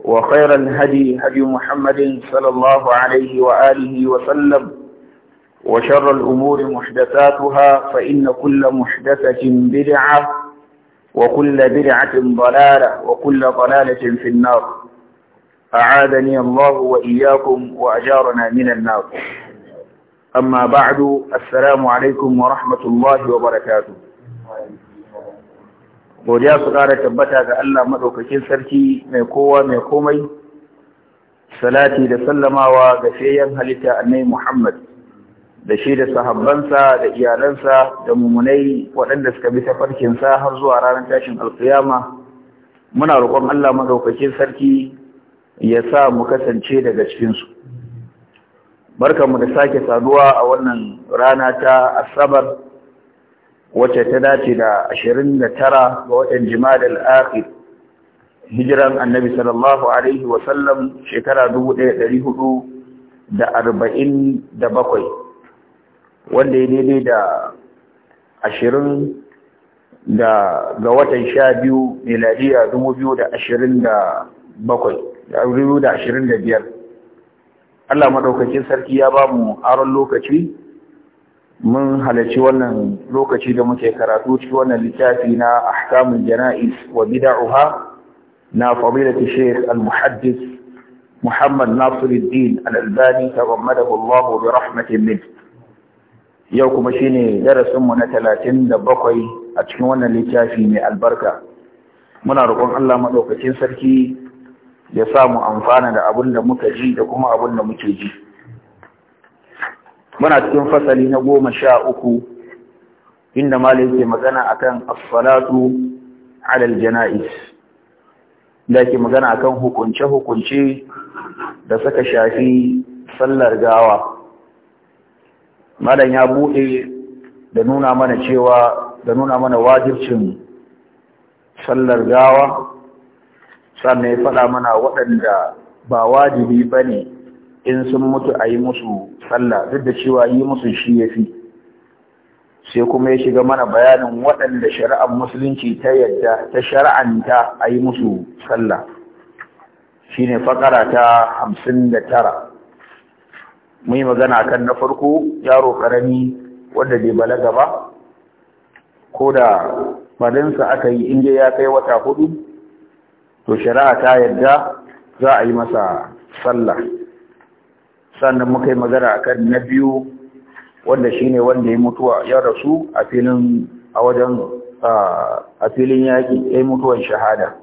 وخير الهدي هدي محمد صلى الله عليه وآله وسلم وشر الأمور محدثاتها فإن كل محدثة بدعة وكل بدعة ضلالة وكل ضلالة في النار أعادني الله وإياكم وأجارنا من النار أما بعد السلام عليكم ورحمة الله وبركاته godiya su ƙara tabbata ga Allah maɗaukakin sarki mai kowa mai komai salati da sallamawa ga shayyan halitta a annai Muhammad da shi da sahabbansa da iyalansa da mumunai waɗanda suka bi tafarkinsa har zuwa ranar tashin alfiyama muna roƙon Allah maɗaukakin sarki ya sa mu kasance daga cikinsu barkanmu da sake saduwa a wannan rana ta asabar wacce ta dace da 29 ga watan Jimadal Akhir hijiran Annabi sallallahu alaihi wa sallam shekara 1447 wanda ya daidai da 20 da ga watan 12 miladiya 2027 2025 Allah madaukakin sarki ya ba mu aron lokaci mun halarci wannan lokaci da muke karatu cikin wannan littafi na ahkamul Jana'iz wa Bida'uha na fadilati Sheikh al-Muhaddis Muhammad Nasiruddin Al-Albani tawammadahu Allah bi rahmatin min yau kuma shine darasin mu na 37 a cikin wannan littafi mai albarka muna roƙon Allah madaukakin sarki ya samu amfana da abin da muka ji da kuma abin da muke ji muna cikin fasali na goma sha uku inda mali yake magana akan as-salatu ala al-janaiz da ke magana akan hukunce-hukunce da saka shafi sallar gawa malam ya bude da nuna mana cewa da nuna mana wajibcin sallar gawa sannan ya faɗa mana waɗanda ba wajibi ba ne in sun mutu a yi musu sallah duk da cewa yi musu shi ya fi sai kuma ya shiga mana bayanin waɗanda shari'ar musulunci ta yadda ta shari'anta a yi musu sallah shi ne fakara ta hamsin da tara yi magana kan na farko yaro ƙarami wanda bai balaga ba ko da barinsa aka yi inda ya kai wata hudu to shari'a ta yadda za a yi masa sallah sannan muka yi magana a kan na biyu wanda shi ne wanda ya mutuwa ya rasu a filin a wajen a filin yaƙi ya yi mutuwan shahada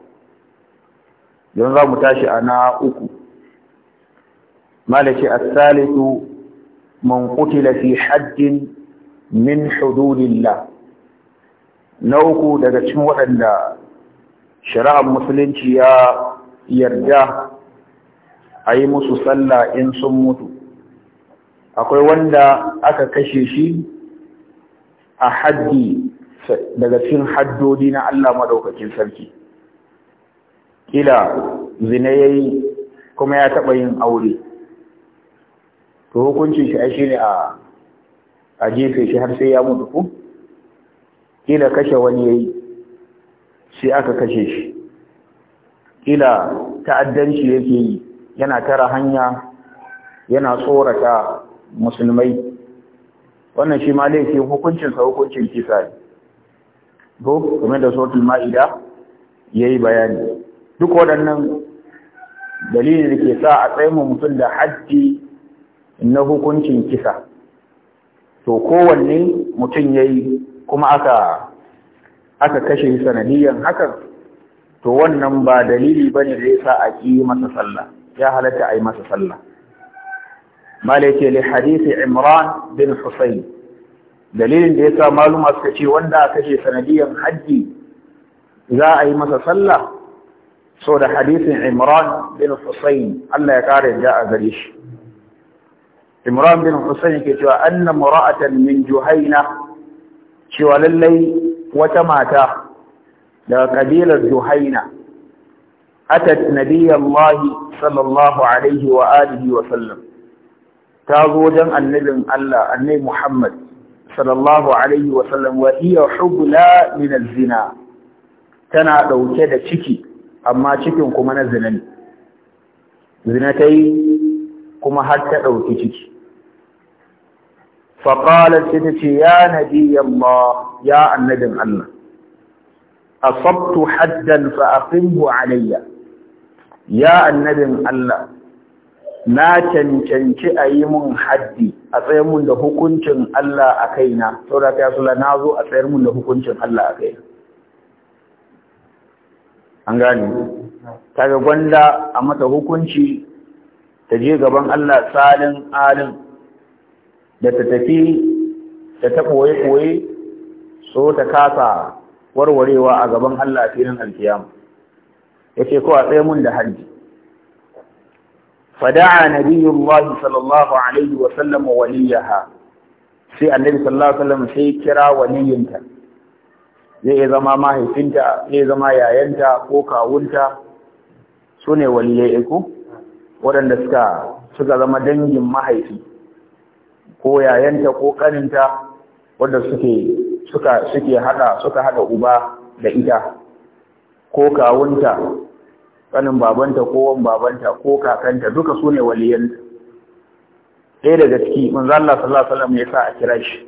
don za mu tashi a na uku malace Salisu man kutila fi haddin min hududillah na uku daga cikin waɗanda shari'ar musulunci ya yarda a yi musu sallah in sun mutu akwai wanda aka kashe shi a haddi daga cikin haddodi na Allah madaukakin sarki kila zina yayi kuma ya taba yin aure to hukuncin shi ashe ne a a jefe shi har sai ya mutu ko kila kashe wani yayi sai aka kashe shi kila ta'addanci yake yi yana tara hanya yana tsorata musulmai wannan shi ma laifi hukuncinsa hukuncin kisa ne ko kuma da sautul ma'ida ya bayani duk waɗannan dalilin da ke sa a tsaye mutum da haddi na hukuncin kisa to kowanne mutum yayi kuma aka aka kashe sanadiyan hakan to wannan ba dalili bane da yasa a yi masa sallah ya halatta a yi masa sallah malike li hadisi imran bin husayn dalilin da yasa maluma suka ce wanda aka ce sanadiyan haji za a yi masa sallah so da hadisin imran bin husayn Allah ya kare da a gare shi imran bin husayn ke cewa anna mura'atan min juhaina cewa lallai wata mata daga kabilar juhaina أتت نبي الله صلى الله عليه وآله وسلم تازو جن النبي الله النبي محمد صلى الله عليه وسلم وهي حبلا من الزنا تنا لو كده تشكي أما شكي كما نزلني زنتي كما حتى لو تشكي فقالت تشكي يا نبي الله يا النبي الله أصبت حدا فأقمه عليّ ya annabin Allah na cancanci a yi mun haddi a tsayar mun da hukuncin Allah a kaina saboda ka yasula na zo a tsayar mun da hukuncin Allah a kaina an gane ga gwanda a mata hukunci ta je gaban Allah salin alin da ta tafi ta ta koye koye so ta kasa warwarewa a gaban Allah a filin alkiyama ce ko a tsaye mun da hajji fada'a nabiyullahi sallallahu alaihi wa sallam waliyaha sai annabi sallallahu alaihi wa sallam sai kira waliyinta zai zama mahaifinta zai zama yayanta ko kawunta sune waliyai eh ko waɗanda suka suka zama dangin mahaifi ko yayanta ko kaninta wanda suke suka suke hada suka hada uba da ita ko kawunta kanin babanta ko wan babanta ko kakanta duka su ne waliyanta ɗaya daga ciki manzo Allah sallallahu alaihi wasallam ya a kira shi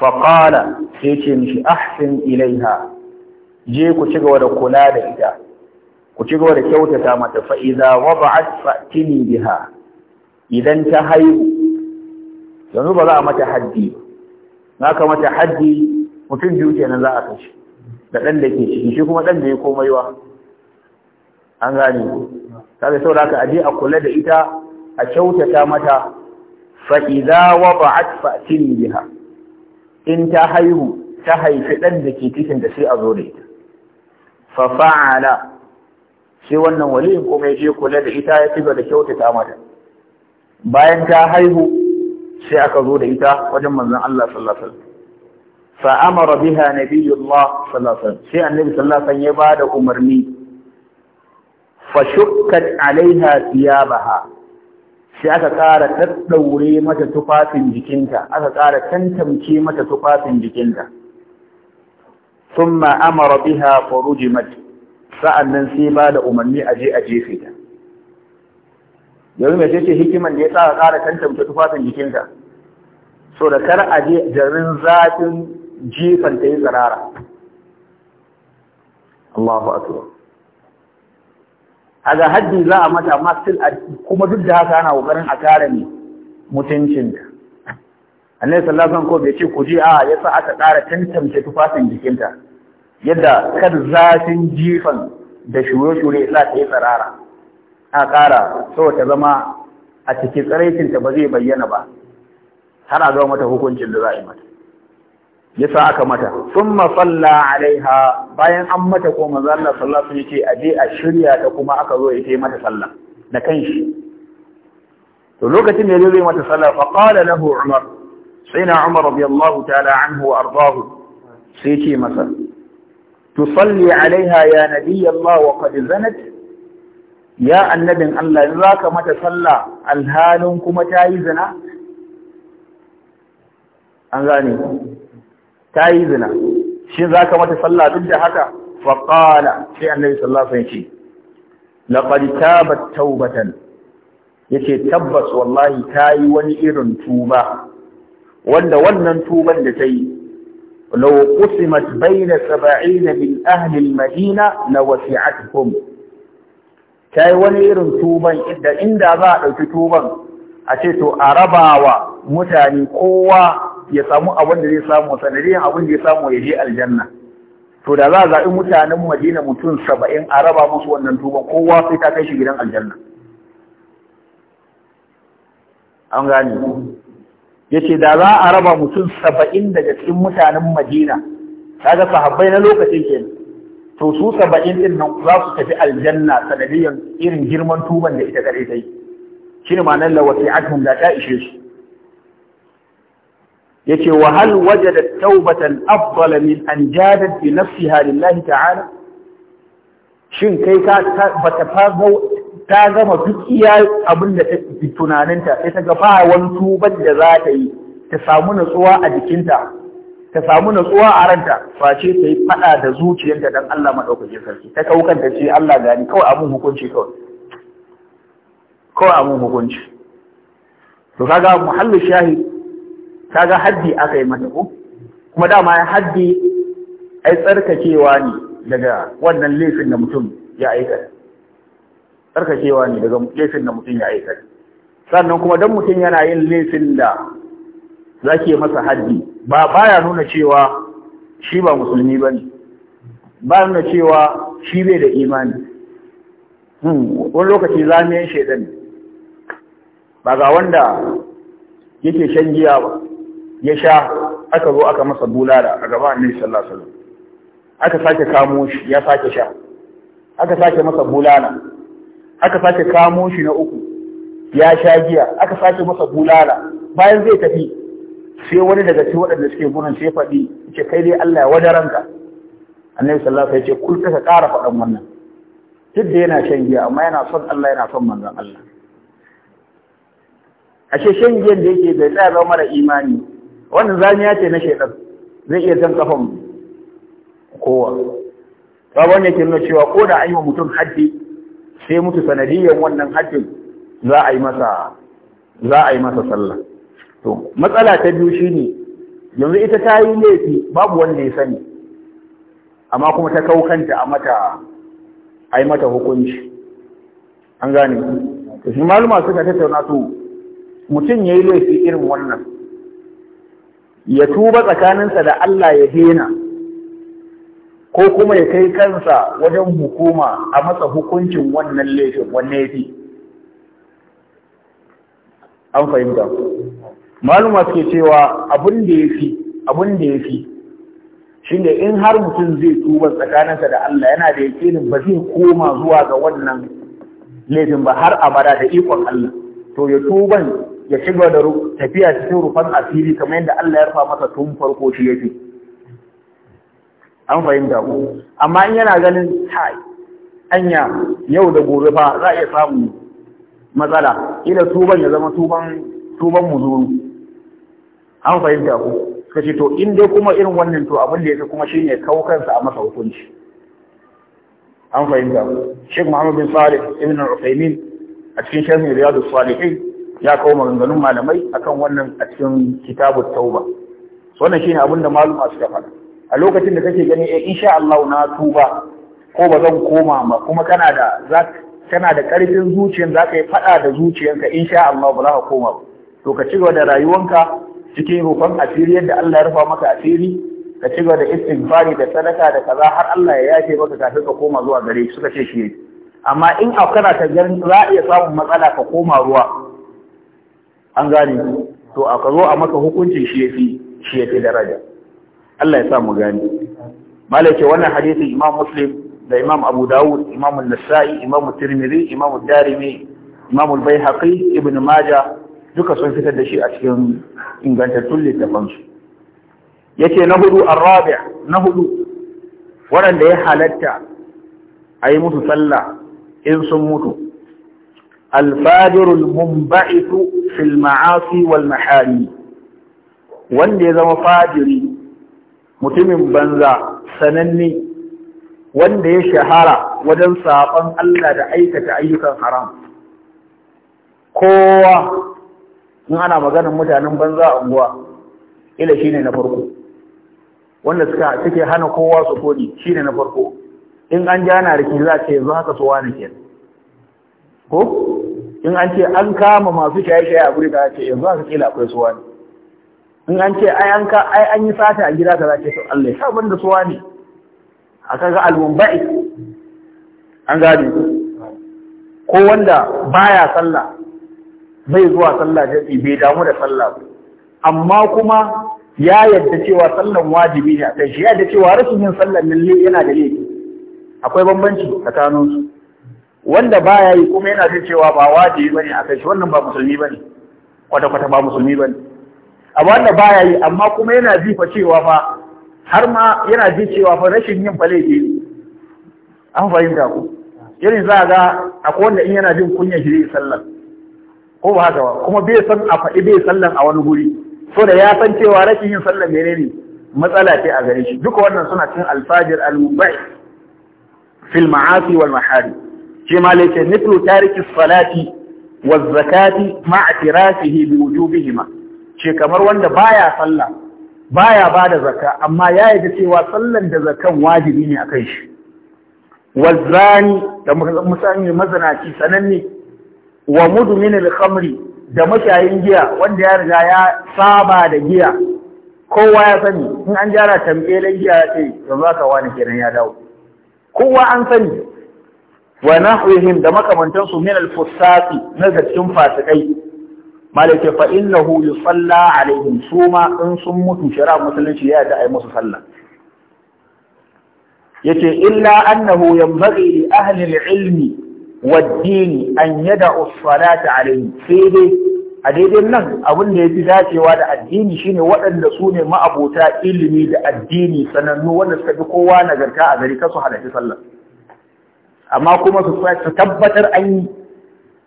fa qala sai ce mishi ahsin ilaiha je ku ci gaba da kula da ita ku ci gaba da kyautata mata fa idza wada'at fa'tini biha idan ta haihu yanzu ba za a mata haddi na ka mata haddi mutum biyu kenan za a kashe da ɗan da ke ciki shi kuma ɗan da ya komai wa an gane ko kaga saboda ka aje a kula da ita a kyautata mata fa idza wada'at fa'tin biha in ta haihu ta haifi dan da ke cikin da sai a zo da ita fa fa'ala sai wannan waliyin kuma ya je kula da ita ya cigaba da kyautata mata bayan ta haihu sai aka zo da ita wajen manzon Allah sallallahu alaihi wasallam fa amara biha nabiyullah sallallahu alaihi wasallam sai annabi sallallahu alaihi wasallam ya bada umarni fashukkat alaiha siyabaha sai aka ƙara daddaure mata tufafin jikinta aka ƙara tantance mata tufafin jikinta thumma amara biha farujimat sa'annan sai ba da umarni a je a jefe ta yanzu mai ce hikiman da ya sa ƙara tantance tufafin jikinta so da kar a je garin zafin jifan ta yi tsarara. Allahu akbar ga haddi za a mata amma still kuma duk da haka ana kokarin a kare ne mutuncin ta annabi sallallahu alaihi wasallam ko bai ce ku ji a yasa aka kara tantance tufafin jikinta yadda kar zafin jifan da shure-shure za ta yi tsarara a ƙara saboda ta zama a cikin tsaraicinta ba zai bayyana ba har a zama mata hukuncin da za a yi mata yasa aka mata thumma salla alaiha bayan an mata ko manzo Allah sallallahu alaihi yace aje a shirya ta kuma aka zo yace mata sallah da kanshi to lokacin da yazo mata sallah fa qala lahu umar sayna umar radiyallahu ta'ala anhu wa ardahu sai ce masa tusalli alaiha ya nabiy Allah wa qad zanat ya annabin Allah in zaka mata sallah alhalin kuma tayi zina an gane ta yi zina Shin za ka mata Sallah duk da haka faƙala sai annabi tsallafin ce na ƙarita ba taubatan ya tabbas wallahi ta yi wani irin tuba wanda wannan tuban da ta yi lau baina saba'ina min ahlil madina na wasi atikun ta yi wani irin tuban inda za a ɗauki tuban a ce to a rabawa mutane kowa ya samu abin da zai samu sanadiyan abin da ya samu ya je aljanna to da za a zaɓi mutanen madina mutum saba'in a raba musu wannan tuba kowa sai ta kai shi gidan aljanna an gane ya ce da za a raba mutum saba'in daga cikin mutanen madina kaga sahabbai na lokacin ke to su saba'in din nan za su tafi aljanna sanadiyan irin girman tuban da ita kare ta yi shi ne ma'anar lawasi akhun da ta ishe su yace wa hal da taubatan afdala min an jadat bi nafsiha lillahi ta'ala shin kai ka bata fago ta gama duk iya abin da ta tunaninta sai ta ga wani tuban da za ta yi ta samu natsuwa a jikinta ta samu natsuwa a ranta face ta yi fada da zuciyarta don Allah madaukakin sarki ta kaukan da ce Allah gani kawai abin hukunci kawai kawai abin hukunci to kaga muhallin shahid kaga haddi aka yi masa ko kuma dama haddi ai tsarkakewa ne daga wannan laifin da mutum ya aikata tsarkakewa ne daga laifin da mutum ya aikata sannan kuma dan mutum yana yin laifin da za ke masa haddi ba baya nuna cewa shi ba musulmi ba ne ba nuna cewa shi bai da imani hmm, wani lokaci zamiyan shaidan ba ga wanda yake shan giya ba ya sha aka zo aka masa bulala a gaba annabi sallallahu alaihi wasallam aka sake kamo shi ya sake sha aka sake masa bulala aka sake kamo shi na uku ya sha giya aka sake masa bulala bayan zai tafi sai wani daga cikin waɗanda suke gurin sai faɗi ce kai dai Allah ya wadaranka annabi sallallahu alaihi wasallam ya ce kul ka ƙara faɗan wannan duk da yana shan giya amma yana son Allah yana son manzon Allah ashe shan giyan da yake bai tsaya zama mara imani wannan ya ce na shaidan zai iya jan kafan kowa sabon yake nuna cewa ko da an yi wa mutum haddi sai mutu sanadiyyar wannan haddin za a yi masa za a yi masa sallah to matsala ta biyu shine yanzu ita ta yi laifi babu wanda ya sani amma kuma ta kaukanta a mata a yi mata hukunci an gane to shi maluma suka tattauna to mutum ya yi laifi irin wannan ya tuba tsakaninsa da Allah ya dena ko kuma ya kai kansa wajen hukuma a masa hukuncin wannan laifin wanne yafi an fahimta maluma suke cewa abin da ya fi, abin da ya fi. shi shine in har mutum zai tuba tsakaninsa da Allah yana da yakinin ba zai koma zuwa ga wannan laifin ba har abada da ikon Allah to ya tuban ya shiga da tafiya cikin rufan asiri kamar yadda Allah ya rufa masa tun farko shi yake an fahimta ku amma in yana ganin tai, anya yau da gobe fa za a iya samu matsala ila tuban ya zama tuban tuban muzuru an fahimta ku kace to in dai kuma irin wannan to abin da yake kuma shine kawo kansa a masa hukunci an fahimta ku Sheikh Muhammad bin Salih ibn Al-Uthaymeen a cikin sharhin Riyadu Salihin ya kawo maganganun malamai akan wannan a cikin kitabu tauba wannan shine abin da maluma suka faɗa a lokacin da kake gani eh insha Allah na tuba ko ba zan koma ba kuma kana da za kana da karfin zuciyar za ka yi faɗa da zuciyarka insha Allah ba za ka koma ba to ka gaba da rayuwanka cikin rufan asiri yadda Allah ya rufa maka asiri ka ci gaba da istighfari da sadaka da kaza har Allah ya yafe maka kafin ka koma zuwa gare shi suka ce shi amma in kana ta za a iya samun matsala ka koma ruwa an gane to aka zo a maka hukuncin shi yafi shi daraja Allah ya sa mu gane malaka wannan hadisi Imam Muslim da Imam Abu Dawud Imam An-Nasa'i Imam Tirmidhi Imam Darimi Imam Al-Baihaqi Ibn Majah duka sun fitar da shi a cikin ingantattun littafan su yace na hudu ar-rabi' na hudu waɗanda ya halatta ayi musu sallah in sun mutu الفاجر المنبعث في المعاصي والمحارم wanda ya zama fajiri mutumin banza sananne wanda ya shahara wajen saɓon Allah da aikata ayyukan haram kowa in ana maganin mutanen banza a unguwa ila shine na farko wanda suka suke hana kowa su kodi shine na farko in an jana riki za ce yanzu haka su wani kenan ko in an ce an kama masu shaye-shaye a guri da ake yanzu aka kila akwai suwa ne in an ce ai an ka ai an yi sata a gida ta zace to Allah ya sa da suwa ne aka ga al-mumbai an gane ko wanda baya sallah bai zuwa sallah jami'i bai damu da sallah amma kuma ya yadda cewa sallan wajibi ne a kai shi ya yadda cewa rashin yin sallan lalle yana da laifi akwai bambanci tsakaninsu wanda ba ya yi kuma yana jin cewa ba wajibi bane a kai shi wannan ba musulmi bane kwata kwata ba musulmi bane A wanda ba ya yi amma kuma yana ji fa cewa fa har ma yana jin cewa fa rashin yin fa laifi an fahimta ku irin za ga akwai wanda in yana jin kunya shi zai sallar ko ba haka ba kuma bai san a faɗi bai sallar a wani guri so da ya san cewa rashin yin sallar menene matsala ce a gare shi duka wannan suna cin alfajir al-mubai fil ma'asi wal mahari shi ma lai ce mithlu tariki salati wa zakati ma bi wujubihima ce kamar wanda baya sallah baya da zaka amma ya da cewa sallan da zakan wajibi ne a kan shi wa zani da musamman mazanaci sananne wa mudu khamri da mashayin giya wanda ya riga ya saba da giya kowa ya sani in an jara tambayelan giya ya ce yanzu aka wani kenan ya dawo kowa an sani wa nahwihim da makamantansu min al-fusati na zaccin fasikai malaka fa innahu yusalla alaihim suma in sun mutu shara musulunci ya da ai musu sallah yace illa annahu yanbaghi li ahli al-ilmi wad-din an yada'u as-salata alaihim sai dai a daidai nan abin da yafi dacewa da addini shine waɗanda su ne ma'abota ilimi da addini sanannu wanda suka fi kowa nagarta a gari kasu halarci sallah amma kuma su tabbatar an yi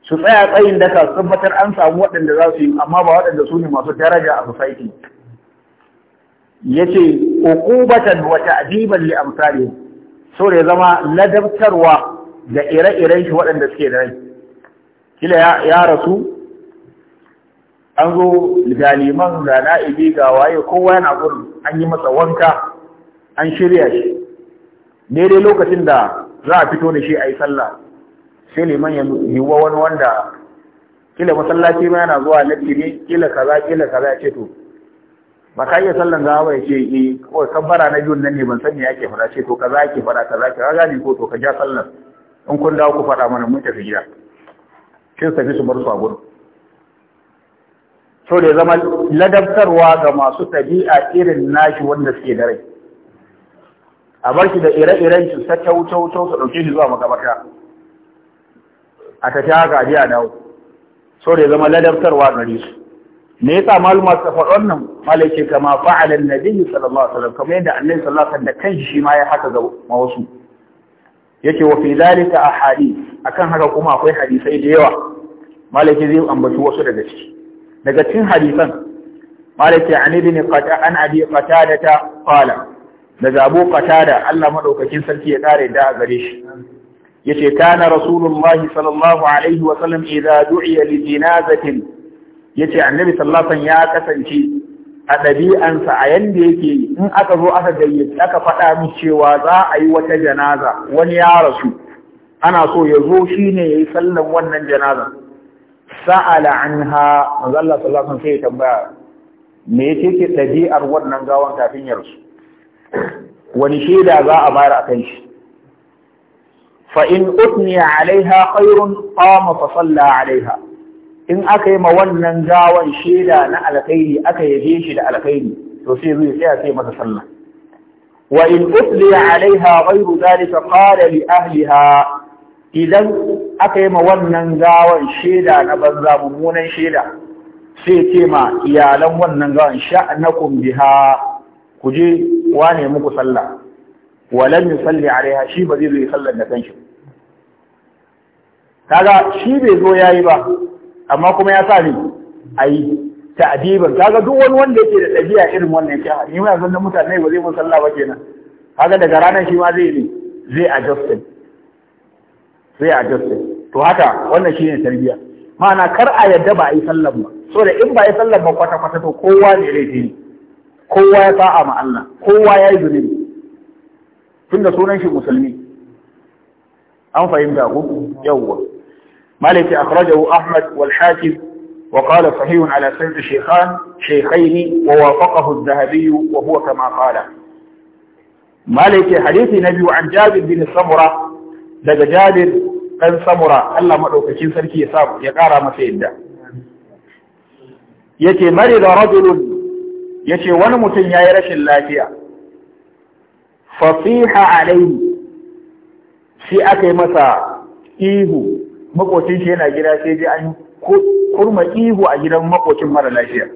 su tsaya tsayin daka su tabbatar an samu waɗanda za su yi amma ba waɗanda su ne masu daraja a society yace uqubatan wata ta'diban li amsari so da zama ladabtarwa ga ire-iren shi waɗanda suke da rai kila ya rasu an zo galiman ga na'ibi ga waye kowa yana gurin an yi masa wanka an shirya shi ne dai lokacin da za a fito da shi a yi sallah sai liman ya yiwuwa wani wanda kila masallaci ma yana zuwa latti ne kila kaza kila kaza ya ce to ba ka iya sallan a ya ce yi eh, kawai kabbara na biyun nan ne ban sani ya ake fara ce to kaza ke fara kaza raga ne ko to ka ja sallan in kun dawo ku fara mana mun tafi gida sai su tafi su bar su a gudu. so da zama ladabtarwa ga masu tabi'a irin nashi wanda suke da rai a bar shi da ire-iren shi ta kyautauto su ɗauke shi zuwa makabarta a tafi haka aje a dawo so da ya zama ladabtarwa gare su me yasa maluma suka faɗi wannan malai kama fa'ala annabi sallallahu alaihi wasallam kamar yadda annabi sallallahu alaihi wasallam da kanshi shi ma ya haka ga wasu yake wa fi zalika ahadith akan haka kuma akwai hadisai da yawa malaki zai ambaci wasu daga ciki daga cikin hadisan malaki an ibn qata an abi qatada qala daga Abu da Allah madaukakin sarki ya kare da a gare shi yace kana rasulullah sallallahu alaihi wa idza du'iya li jinazatin yace annabi sallallahu alaihi ya kasance a ɗabi'ansa a yanda yake in aka zo aka gayyaci aka faɗa mu cewa za a yi wata janaza wani ya rasu ana so ya zo shine yayi sallan wannan janaza sa'ala anha manzo Allah sallallahu alaihi wasallam sai ya tambaya me yake ɗabi'ar wannan gawan kafin ya rasu wani shaida za a bayar a kan shi fa in utniya alaiha khairun qama fa salla alaiha in aka yi ma wannan gawan shaida na alkhairi aka yabe shi da alkhairi to sai zai tsaya sai masa sallah wa in utliya alaiha ghairu zalika qala li ahliha idan aka yi ma wannan gawan shaida na banza mummunan shaida sai ce ma iyalan wannan gawan sha'nakum biha ku je wane muku sallah walam yusalli alaiha shi ba zai zo yi sallar da kanshi kaga shi bai zo yayi ba amma kuma ya sa ni ayi ta'diban kaga duk wani wanda yake da ɗabi'a irin wannan ya ni ma yanzu da mutane ba zai mun sallah ba kenan kaga daga ranar shi ma zai ne zai adjust zai adjust to haka wannan shi ne tarbiya ma'ana kar a yadda ba a yi sallar ba saboda in ba a yi sallar ba kwata kwata to kowa ne laifi ne kowa ya sa'a ma Allah kowa ya yi zunubi tun sunan shi musulmi an fahimta ku yawwa malik akhrajahu ahmad wal hakim wa qala sahih ala sayyid shaykhan shaykhaini wa wafaqahu adh-dhahabi wa huwa kama qala malik hadithi an jabir bin samura daga jabir ɗan samura Allah madaukakin sarki ya sa ya kara masa yadda yake mari da rajulun ya ce wani mutum ya yi rashin lafiya fasiha alaihi shi aka yi masa ihu makocin shi yana gida sai ji an kurma ihu a gidan makocin mara lafiya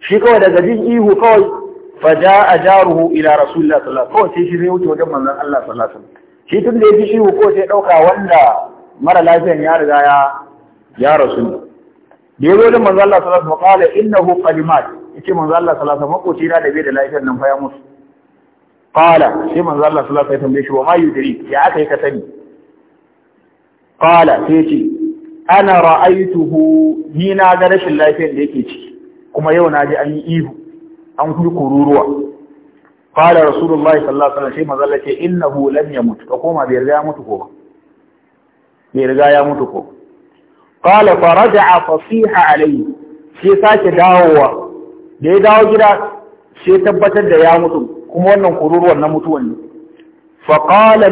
shi kawai daga jin ihu kawai faja a jaruhu ila rasulullah sallallahu alaihi wasallam kawai shi zai wuce wajen manzon Allah sallallahu alaihi wasallam shi tun da ya ji ihu ko sai dauka wanda mara lafiyan ya riga ya ya rasu da ya zo da manzon Allah sallallahu alaihi wasallam qala innahu qad yace manzo Allah sallallahu alaihi wasallam makoci na da bai da lafiyar nan fa ya mutu qala sai manzo Allah sallallahu alaihi wasallam ya tambaye shi wa mai yudri ya aka yi ka sani qala sai yace ana ra'aituhu ni na ga rashin lafiyar da yake ciki kuma yau na ji an yi ihu an kuyi kururuwa qala rasulullahi sallallahu alaihi wasallam sai manzo Allah ce innahu lam yamut ka koma bai riga ya mutu ko ba bai riga ya mutu ko qala faraja fasiha alayhi sai sake dawowa da ya dawo gida sai tabbatar da ya mutu kuma wannan kururuwan na mutuwan ne fa qala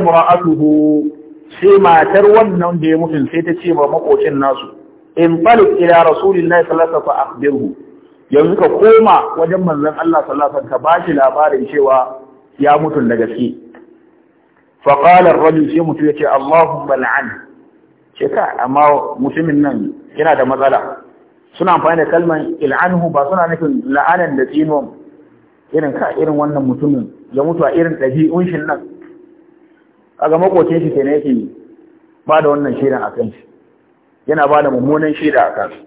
sai matar wannan da ya mutu sai ta ce ma makocin nasu in falik ila rasulillahi sallallahu alaihi wasallam akhbirhu yanzu ka koma wajen manzon Allah sallallahu alaihi ka bashi labarin cewa ya mutu da gaske fa qala ar-rajul sai mutu yace Allahumma la'an ce ka amma mutumin nan yana da matsala suna amfani da kalman il'anhu ba suna nufin la'anan da tsinon irin ka irin wannan mutumin ya mutu a irin ɗabi'un shi nan kaga makocin shi kenan yake ba da wannan shirin a kan shi yana ba da mummunan shida a kan shi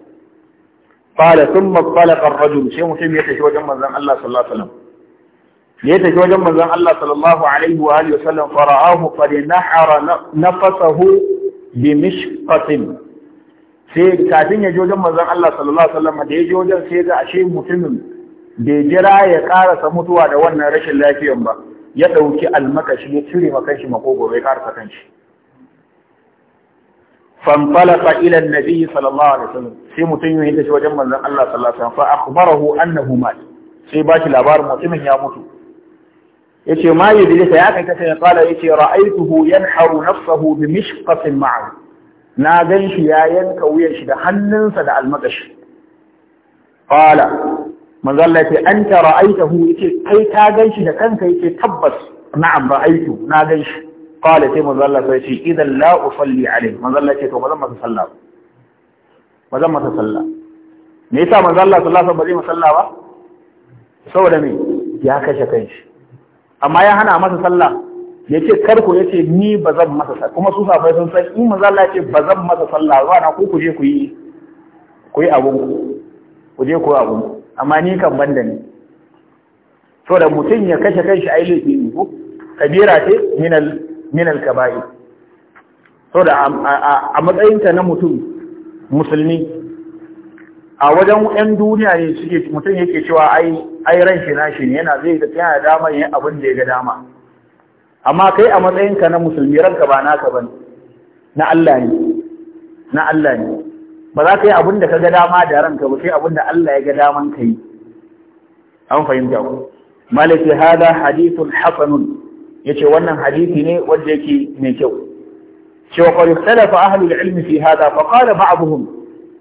qala thumma talaqa ar-rajul sai mutum ya tafi wajen manzon Allah sallallahu alaihi wasallam ya tafi wajen manzon Allah sallallahu alaihi wa alihi wasallam fara'ahu qad nahara nafsahu bi mishqatin sai kafin ya je wajen manzon Allah sallallahu alaihi wasallam da ya je wajen sai ga ashe mutumin bai jira ya karasa mutuwa da wannan rashin lafiyan ba ya ɗauki almakashi ya cire makanshi makogoro ya karasa kanshi فانطلق الى النبي Sallallahu alaihi عليه وسلم sai mutum yayin da shi wajen mazan Allah sallallahu alaihi wasallam fa akhbarahu annahu mat sai ba shi labarin mutumin ya mutu Ya yace ma yadilika ya kai kace ya kala yace ra'aytuhu yanharu nafsahu bi mishqatin ma'ahu na gan shi ya yanka wuyan shi da hannunsa da almakashi qala manzo Allah yace anta ra'aytahu yace kai ta gan shi da kanka yace tabbas na'am ra'aytu na gan shi qala sai manzo Allah sai yace idan la usalli alayhi manzo ce yace to bazan masa sallah bazan masa sallah me yasa manzo Allah sallallahu alaihi wasallam bazai sallah ba saboda me ya kashe kanshi amma ya hana masa sallah ya ce kar ku yace ni ba zan masa sallah kuma su safai sun san in maza Allah ce ba zan masa sallah zuwa na ku ku je ku yi ku yi abun ku je ku abun amma ni kan banda ne so da mutum ya kashe kanshi yi laifi ne ko kabira ce minal minal kaba'i so da a ta na mutum musulmi a wajen 'yan duniya ne suke mutum yake cewa ai ran shi nashi ne yana zai yana dama yin abin da ya ga dama amma kai a matsayinka na musulmi ranka ba naka bane na Allah ne na Allah ne ba za ka yi abin da ka ga dama da ranka ba sai abin da Allah ya ga daman ka yi an fahimta ku malaki hada hadithun hasanun yace wannan hadisi ne wanda yake mai kyau cewa qad ikhtalafa ahlul ilmi fi hada fa qala ba'dhum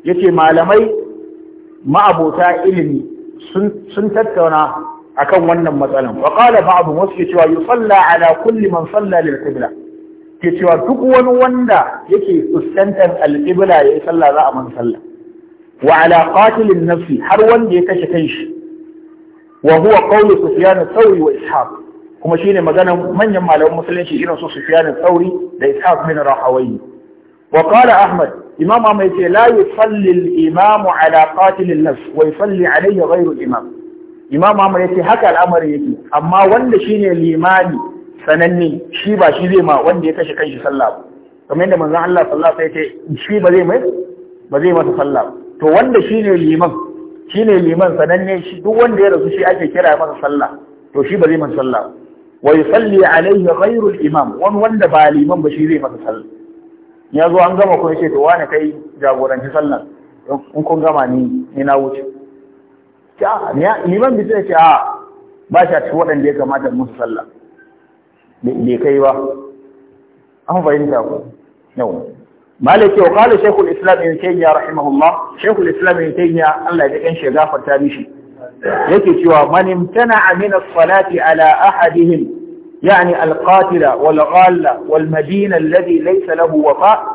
yace malamai ma'abota ilimi sun tattauna akan wannan matsalan wa qala ba'd wasu ke cewa yusalla ala kulli man salla lil qibla ke cewa duk wani wanda yake fuskantar al-qibla yayi sallah za a man sallah wa ala nafsi har wanda ya kashe kanshi wa huwa qawlu sufyan thawri wa ishaq kuma shine maganan manyan malaman musulunci irin su sufyan thawri da ishaq min rahawayi wa qala ahmad imam ahmad yace la yusalli al-imam ala qatil nafs wa yusalli alayhi ghayru imam Imam Ahmad ya ce haka al'amari yake amma wanda shine limani sananne shi ba shi zai ma wanda ya kashe kanshi sallah kamar yadda manzon Allah sallallahu alaihi wasallam ya ce shi ba zai mai ba zai masa sallah to wanda shine liman shine liman sananne shi duk wanda ya rasu shi ake kira masa sallah to shi ba zai masa sallah wa yusalli alaihi ghayru al-imam wan wanda ba liman ba shi zai masa sallah ya zo an gama ko ce to wani kai jagoranci sallah in kun gama ni ni na wuce liman bisa ce a ba shi a cikin waɗanda ya kamata musu sallah bai kai ba an fahimta ku yau malaki wa kala shekul islam ibn taymiya rahimahullah shekul islam ibn taymiya Allah ya kan shi gafarta mishi yake cewa man imtana'a min as-salati ala ahadihim يعني القاتل والغال والمدين الذي ليس له وفاء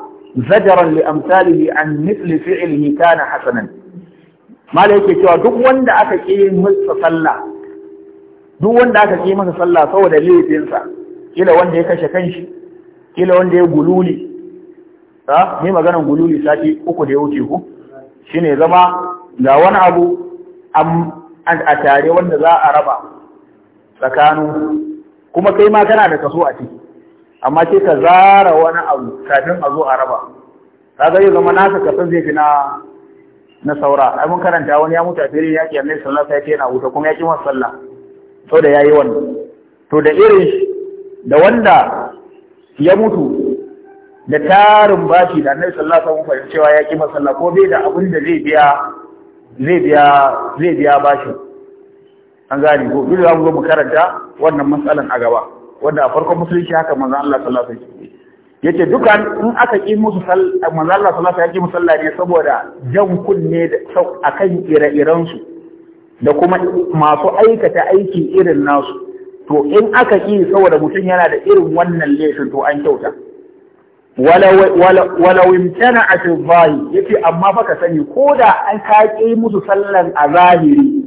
زجرا لأمثاله عن مثل فعله كان حسنا mala yake cewa duk wanda aka ƙi masa sallah duk wanda aka ƙi masa sallah saboda laifinsa kila wanda ya kashe kanshi kila wanda ya gululi ha ni maganan gululi sati uku da ya wuce ku shine zama ga wani abu a tare wanda za a raba tsakanin kuma kai ma kana da kaso a ciki amma sai ka zara wani abu kafin a zo a raba kaga ya zama naka kasan zai fi na na saura ai mun karanta wani ya mutu a filin yaki annabi sallallahu alaihi wasallam ya ce yana wuta kuma ya ki masa sallah to da yayi wannan to da irin da wanda ya mutu da tarin bashi da annabi sallallahu alaihi wasallam cewa ya ki masa sallah ko bai da abin da zai biya zai biya zai biya bashin an gane ko dole za mu zo mu karanta wannan matsalan a gaba wanda a farkon musulunci haka manzon Allah sallallahu alaihi wasallam yace duka in aka ƙi musu sallah su Allah ya ƙi musu ne saboda jan kunne da kan ire irensu da kuma masu aikata aiki irin nasu to in aka ƙi saboda mutum yana da irin wannan laifin to an kyauta walau imtana a ya ce amma baka sani ko da an ka musu sallan a zahiri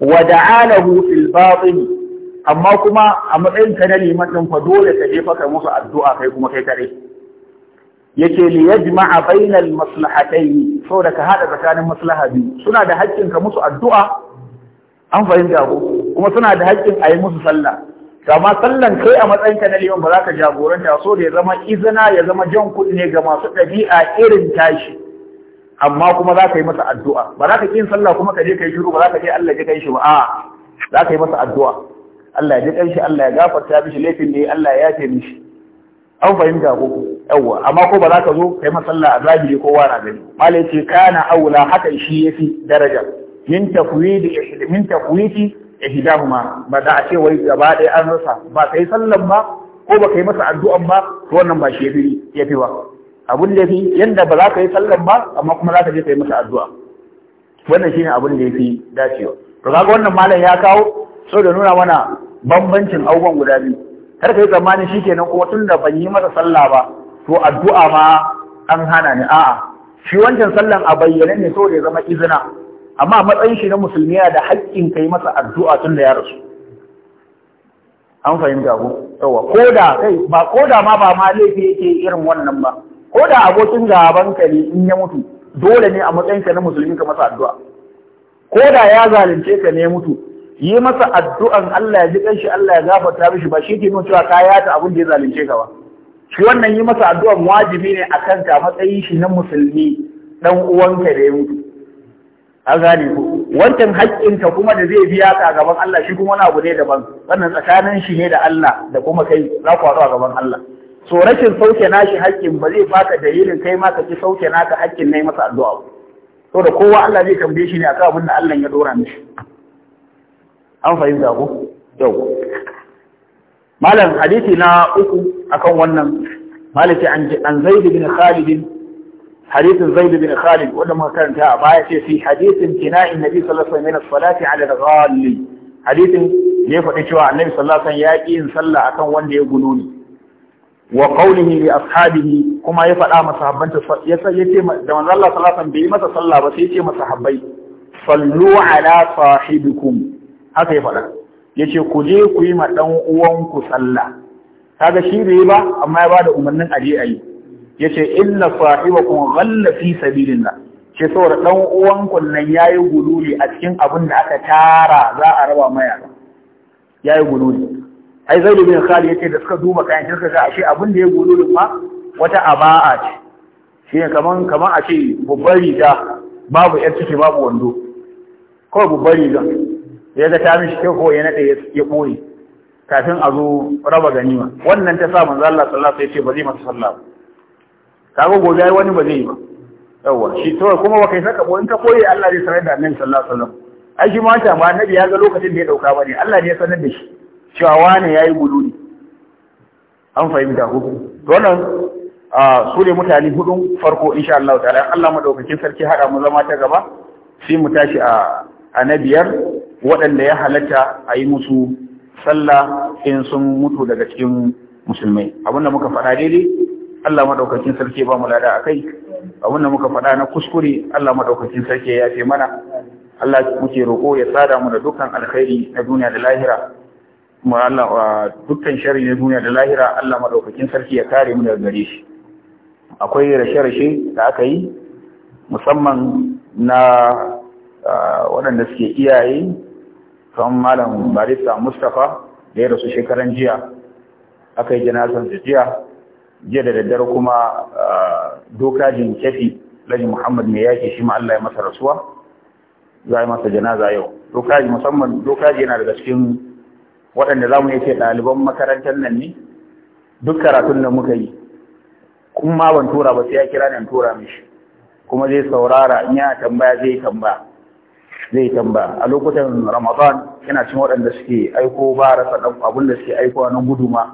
wa da'alahu fil amma kuma a matsayin ka na liman din fa dole ka je fa musu addu'a kai kuma kai kare. yake li yajma'a al maslahatayn saboda ka hada tsakanin maslaha biyu suna da haƙƙin ka musu addu'a an fahimta ko kuma suna da haƙƙin a yi musu sallah kama sallan kai a matsayin ka na liman ba za ka jagoranta so da ya zama izina ya zama jan kunne ga masu ɗabi'a irin tashi amma kuma za ka yi masa addu'a ba za ka ƙin sallah kuma ka je ka yi shiru ba za ka je Allah ya kai shi ba a za ka yi masa addu'a Allah ya ji ɗanshi, Allah ya gafarta mishi laifin ne Allah ya yafe mishi an fahimta ko yawwa. amma ko ba za ka zo kai masalla a zahiri ko wara gani malai ce kana aula haka shi yafi daraja min tafwidi min tafwidi ihdahuma ba da a ce wai gaba ɗaya an rasa ba kai sallan ba ko ba kai masa addu'an ba to wannan ba shi yafi fi ba abun da yafi yanda ba za ka yi sallan ba amma kuma za ka je kai masa addu'a wannan shine abun da yafi dacewa to kaga wannan malam ya kawo so da nuna mana bambancin abubuwan guda biyu har ka yi tsammanin shi kenan kuma tun da ban yi masa sallah ba to addu'a ma an hana ni a'a shi wancan sallan a bayyane ne saboda ya zama izina amma matsayin shi na musulmi da haƙƙin kai masa addu'a tun da ya rasu an fahimta ko yawa koda kai ba koda ma ba ma laifi yake irin wannan ba koda abokin gaban ka ne in ya mutu dole ne a matsayin ka na musulmi ka masa addu'a koda ya zalunce ka ne mutu yi masa addu'an Allah ya ji ɗanshi Allah ya gafarta mishi ba shi ke nuna cewa ka yata abin da ya zalunce ka ba shi wannan yi masa addu'an wajibi ne a kan ka matsayin shi na musulmi dan uwanka da ya mutu an gane ku wancan haƙƙinka kuma da zai biya ka a gaban Allah shi kuma wani abu ne daban wannan tsakanin shi ne da Allah da kuma kai za ku a gaban Allah so rashin sauke na shi haƙƙin ba zai baka dalilin kai ma ka ci sauke na ka haƙƙin na yi masa addu'a to da kowa Allah zai tambaye shi ne kan abin da Allah ya ɗora mishi an fahimta ko yau malam hadisi na uku akan wannan malaki an zaid bin khalid hadisin zaid bin khalid wanda muka karanta a baya ce fi hadisin kina'in nabi sallallahu alaihi wasallam min as-salati 'ala al-ghali hadisin ya faɗi cewa annabi sallallahu alaihi wasallam ya ƙi yin sallah akan wanda ya guno ne wa qawlihi li ashabihi kuma ya faɗa masahabbanta ya ce da manzo Allah sallallahu alaihi wasallam bai masa sallah ba sai ya ce masa masahabbai sallu ala sahibikum haka ya faɗa ya ce ku je ku yi ma ɗan uwanku sallah kaga shi bai ba amma ya bada umarnin aje a yi ya ce inna sahibakum ghalla fi sabilillah ce saboda ɗan uwanku nan yayi gululi a cikin abin da aka tara za a raba maya yayi gululi ai da bin khalid yace da suka duba kayan shirka ga ashe abin da ya gululin ma wata aba'a ce shi ne kaman kaman a ce babbar riga babu yar ciki babu wando kawai babbar rigan ya ga ta mishi kyau ya nade ya ɓoye kafin a zo raba ganima wannan ta sa manzo Allah sallallahu alaihi wasallam ya ce ba zai masa sallah ba ga gobe wani ba zai yi ba yawa shi to kuma ba kai saka ko in ka koyi Allah zai sanar da annabi sallallahu alaihi wasallam ai shi ma ta ma annabi ya ga lokacin da ya dauka bane Allah ne ya sanar da shi cewa wani yayi gululi an fahimta ku to wannan su ne mutane hudun farko insha Allah ta'ala Allah madaukakin sarki hada mu zama ta gaba sai mu tashi a a na biyar waɗanda ya halatta a yi musu sallah in sun mutu daga cikin musulmai abinda muka faɗa daidai Allah maɗaukakin sarki ba mu lada a kai abinda muka faɗa na kuskure Allah maɗaukakin sarki ya ce mana Allah muke roƙo ya tsada mu da dukkan alkhairi na duniya da lahira kuma Allah dukkan sharri na duniya da lahira Allah maɗaukakin sarki ya kare mu daga gare shi akwai rashe-rashe da aka yi musamman na waɗanda suke iyaye kan malam barista mustapha da ya rasu shekaran jiya aka yi janazan jiya jiya da daddare kuma dokajin kefi laji muhammad mai yaki shi ma allah ya masa rasuwa za a yi masa janaza yau dokaji musamman dokaji yana daga cikin waɗanda zamu mu ce ɗaliban makarantar nan ne duk karatun da muka yi kuma ban tura ba sai ya kira ne tura mishi kuma zai saurara in yana tambaya zai tambaya zai tambaya a lokutan ramadan yana cin waɗanda suke aiko ba rasa ɗan abin da suke aiko na guduma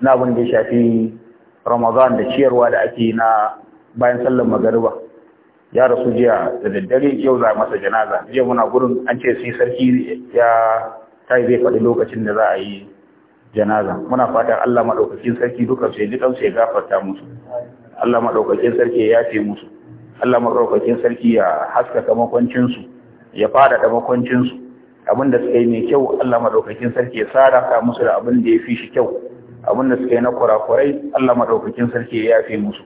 na abin da ya shafi ramadan da ciyarwa da ake na bayan sallar magariba ya rasu jiya da daddare yau za a masa janaza jiya muna gurin an ce sai sarki ya ta zai faɗi lokacin da za a yi janaza muna fatan allah maɗaukakin sarki duka sai dukan sai gafarta musu allah maɗaukakin sarki ya ce musu allah maɗaukakin sarki ya haskaka makwancinsu ya fara da makwancinsu abin da suka yi mai kyau Allah madaukakin sarki ya saraka musu da abin da ya fi shi kyau abin da suka yi na kurakurai Allah madaukakin sarki ya yafe musu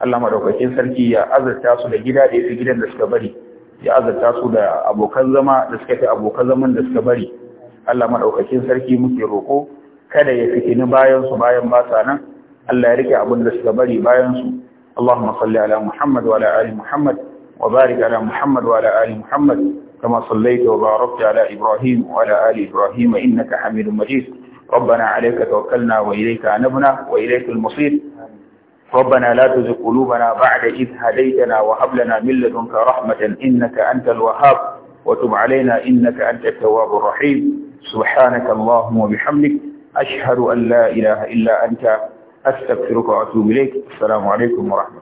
Allah madaukakin sarki ya azurta su da gida da ya fi gidan da suka bari ya azurta su da abokan zama da suka fi abokan zaman da suka bari Allah madaukakin sarki muke roko kada ya fitini bayan su bayan ba sa nan Allah ya rike abin da suka bari bayan su Allahumma salli ala Muhammad wa ala ali Muhammad wa barik ala Muhammad wa Muhammad كما صليت وباركت على إبراهيم وعلى آل إبراهيم إنك حميد مجيد ربنا عليك توكلنا وإليك أنبنا وإليك المصير ربنا لا تزغ قلوبنا بعد إذ هديتنا وهب لنا من لدنك رحمة إنك أنت الوهاب وتب علينا إنك أنت التواب الرحيم سبحانك اللهم وبحمدك أشهد أن لا إله إلا أنت أستغفرك وأتوب إليك السلام عليكم ورحمة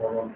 الله